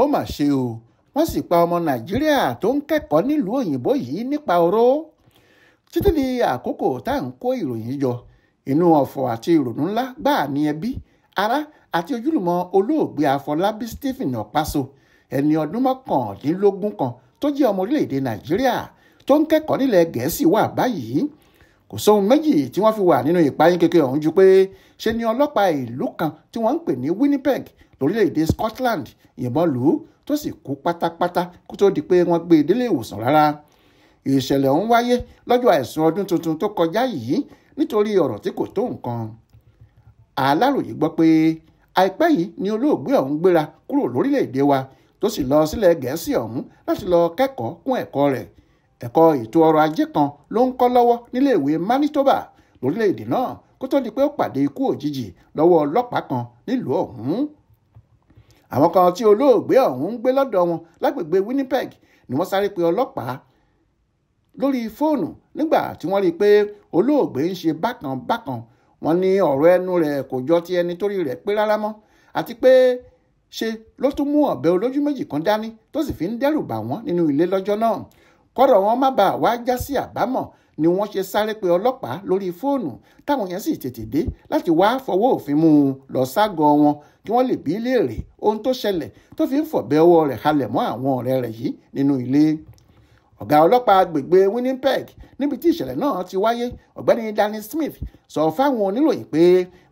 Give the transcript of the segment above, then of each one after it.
ó mà ṣe o wọ́n sì pa ọmọ nàìjíríà tó ń kẹ́kọ̀ọ́ nílùú òyìnbó yìí nípa oró títí di àkókò tá à ń kó ìròyìn jọ inú ọ̀fọ̀ àti ìrònú ńlá gbáà ní ẹbí ará àti ojúlùmọ̀ olóògbé àfọlábí stephen ọ̀páso ẹni ọdún mọ́kàndínlógún kan tó jẹ́ ọmọ orílẹ̀-èdè nàìjíríà tó ń kẹ́kọ̀ọ́ nílẹ̀ gẹ̀ẹ́sì wà báyìí kò sóhun méjì tí wọ́n fi wà nínú ìpayín kékeré ọ̀hún ju pé ṣe ni ọlọ́pàá ìlú kan tí wọ́n ń pè ní Winnipeg lórílẹ̀‐èdè Scotland yìnbọn lù ú tó sì kú pátápátá kó tó di pé wọ́n gbé e délé ìwòsàn rárá ìṣẹ̀lẹ̀ ọ̀hún wáyé lọ́jọ́ àìsùn ọdún tuntun tó kọjá yìí nítorí ọ̀rọ̀ tí kò tó nǹkan Aláròyé gbọ́ pé àìpẹ́ yìí ni olóògbé ọ̀hún gbéra kúrò lórílẹ̀‐èdè wa tó sì lọ sílẹ̀ Gẹ̀ẹ́sì ọ̀hún láti lọ kẹ́kọ̀ọ́ kún ẹ̀kọ́ rẹ̀ ẹ̀kọ́ ètò ọrọ̀ ajé kan ló ń kọ́ lọ́wọ́ níléèwé Manitoba lórílẹ̀‐èdè náà kó tó di pé ó pàdé ikú òjijì lọ́wọ́ ọlọ́pàá kan nílùú ọ̀hún àwọn kan tí olóògbé ọ̀hún ń gbé lọ́dọ̀ wọn lágbègbè Winnipeg ni wọ́n sáré pe ọlọ́pàá lórí fóònù nígbà tí wọ́n rí i pé olóògbé ń ṣe bákan bákan wọ́n ní ọ̀rọ̀ ẹnu rẹ̀ kò jọ ti ẹni torí rẹ̀ pé rárá mọ́ àti pé ṣe ló tún mú ọ̀bẹ olójú méjì kan dání tó sì fi ń dẹ́rù bà wọ́n nínú ilé lọ́jọ́ náà kọ́rọ̀ wọn má bàa wá já sí àbámọ̀ ni wọ́n ṣe sáré pe ọlọ́pàá lórí fóònù táwọn yẹn sì tètè dé láti wá fọwọ́ òfin mú un lọ ságọ́ wọn kí wọ́n lè bí léèrè ohun tó ṣẹlẹ̀ tó fi ń fọ̀bẹ ọwọ́ rẹ̀ halẹ̀ mọ́ àwọn ọ̀rẹ́ rẹ̀ yìí nínú ilé ọ̀gá ọlọ́pàá agbègbè Winnipeg níbi tí ìṣẹ̀lẹ̀ náà ti wáyé ọ̀gbẹ́ni Danny Smith sọ fáwọn oníròyìn pé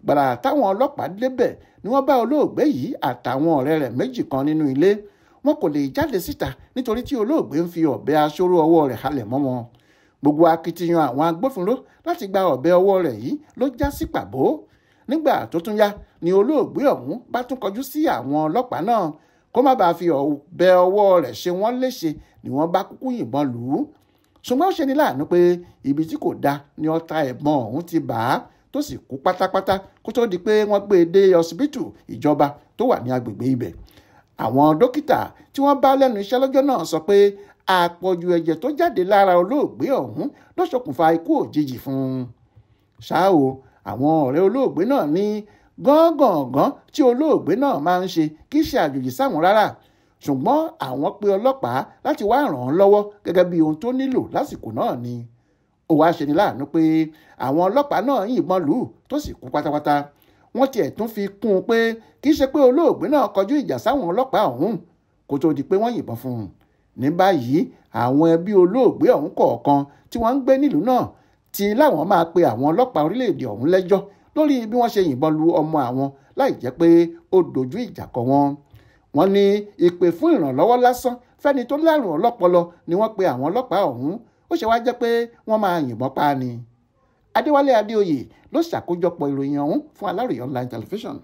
gbàrà táwọn ọlọ́pàá débẹ̀ ni wọ́n bá olóògbé yìí àtàwọn ọ̀rẹ́ rẹ̀ méjì kan nínú ilé wọn kò lè jáde síta nítorí tí olóògbé ń fi ọ̀bẹ aṣọ́rò ọwọ́ rẹ̀ halẹ̀ mọ́ wọn gbogbo akitiyan àwọn agbófinró láti gba ọ̀bẹ ọwọ́ rẹ̀ yìí ló já sí pàbó nígbà tó tún yá ni olóògbé ọ̀hún bá tún kọjú sí àwọn ọlọ́pàá náà kó má bàa fi ọ̀bẹ ọwọ́ rẹ̀ ṣe wọ́n léṣe ni wọ́n bá kúkú yìnbọn lù ú ṣùgbọ́n ó ṣe ní láàánú pé ibi tí kò da ni ọta ẹ̀bọn ọ̀hún ti bà á tó sì kú pátápátá kó tó di pé wọ́n gbé e dé ọsibítù ìjọba tó wà ní agbègbè ibẹ̀ àwọn dókítà tí wọ́n bá lẹ́nu iṣẹ́ lọ́jọ́ náà sọ pé àpọ̀jù ẹ̀jẹ̀ tó jáde lára olóògbé ọ̀hún ló ṣokùnfà ikú òjijì fún un. ṣá o àwọn ọ̀rẹ́ olóògbé náà ní gángangan tí olóògbé náà máa ń ṣe kì í ṣe àjòjì sáwọn rárá ṣùgbọ́n àwọn pe ọlọ́pàá láti wá ràn án lọ́wọ́ gẹ́gẹ́ bí ohun tó nílò lásìkò náà ni. ó wá ṣe ni láàánú pé àwọn ọlọ́pàá náà yìnbọn lù ú tó sì kú pátápátá wọ́n tiẹ̀ tún fi kún un pé kì í ṣe pé olóògbé náà kọjú ìjà sáwọn ọlọ́pàá ọ̀hún kó tó di pé wọ́n yìnbọn fún un ní báyìí àwọn ẹbí olóògbé ọ̀hún kọ̀ọ̀kan tí wọ́n ń gbé nílùú náà ti láwọn máa pe àwọn ọlọ́pàá orílẹ̀-èdè ọ̀hún lẹ́jọ́ lórí bí wọ́n ṣe yìnbọn lu ọmọ àwọn láì jẹ́ pé ó dojú ìjà kọ wọn. wọ́n ní ìpè fún ìrànlọ́wọ́ lásán fẹ́ni tó lárùn ọlọ́pọlọ ni wọ́n pe àwọn ọlọ́pàá ọ̀hún ó ṣe wá jẹ́ pé wọ́n máa yìnbọn pa ni adéwálé adéoyè ló ṣàkójọpọ̀ ìròyìn ọ̀hún fún aláròye online television.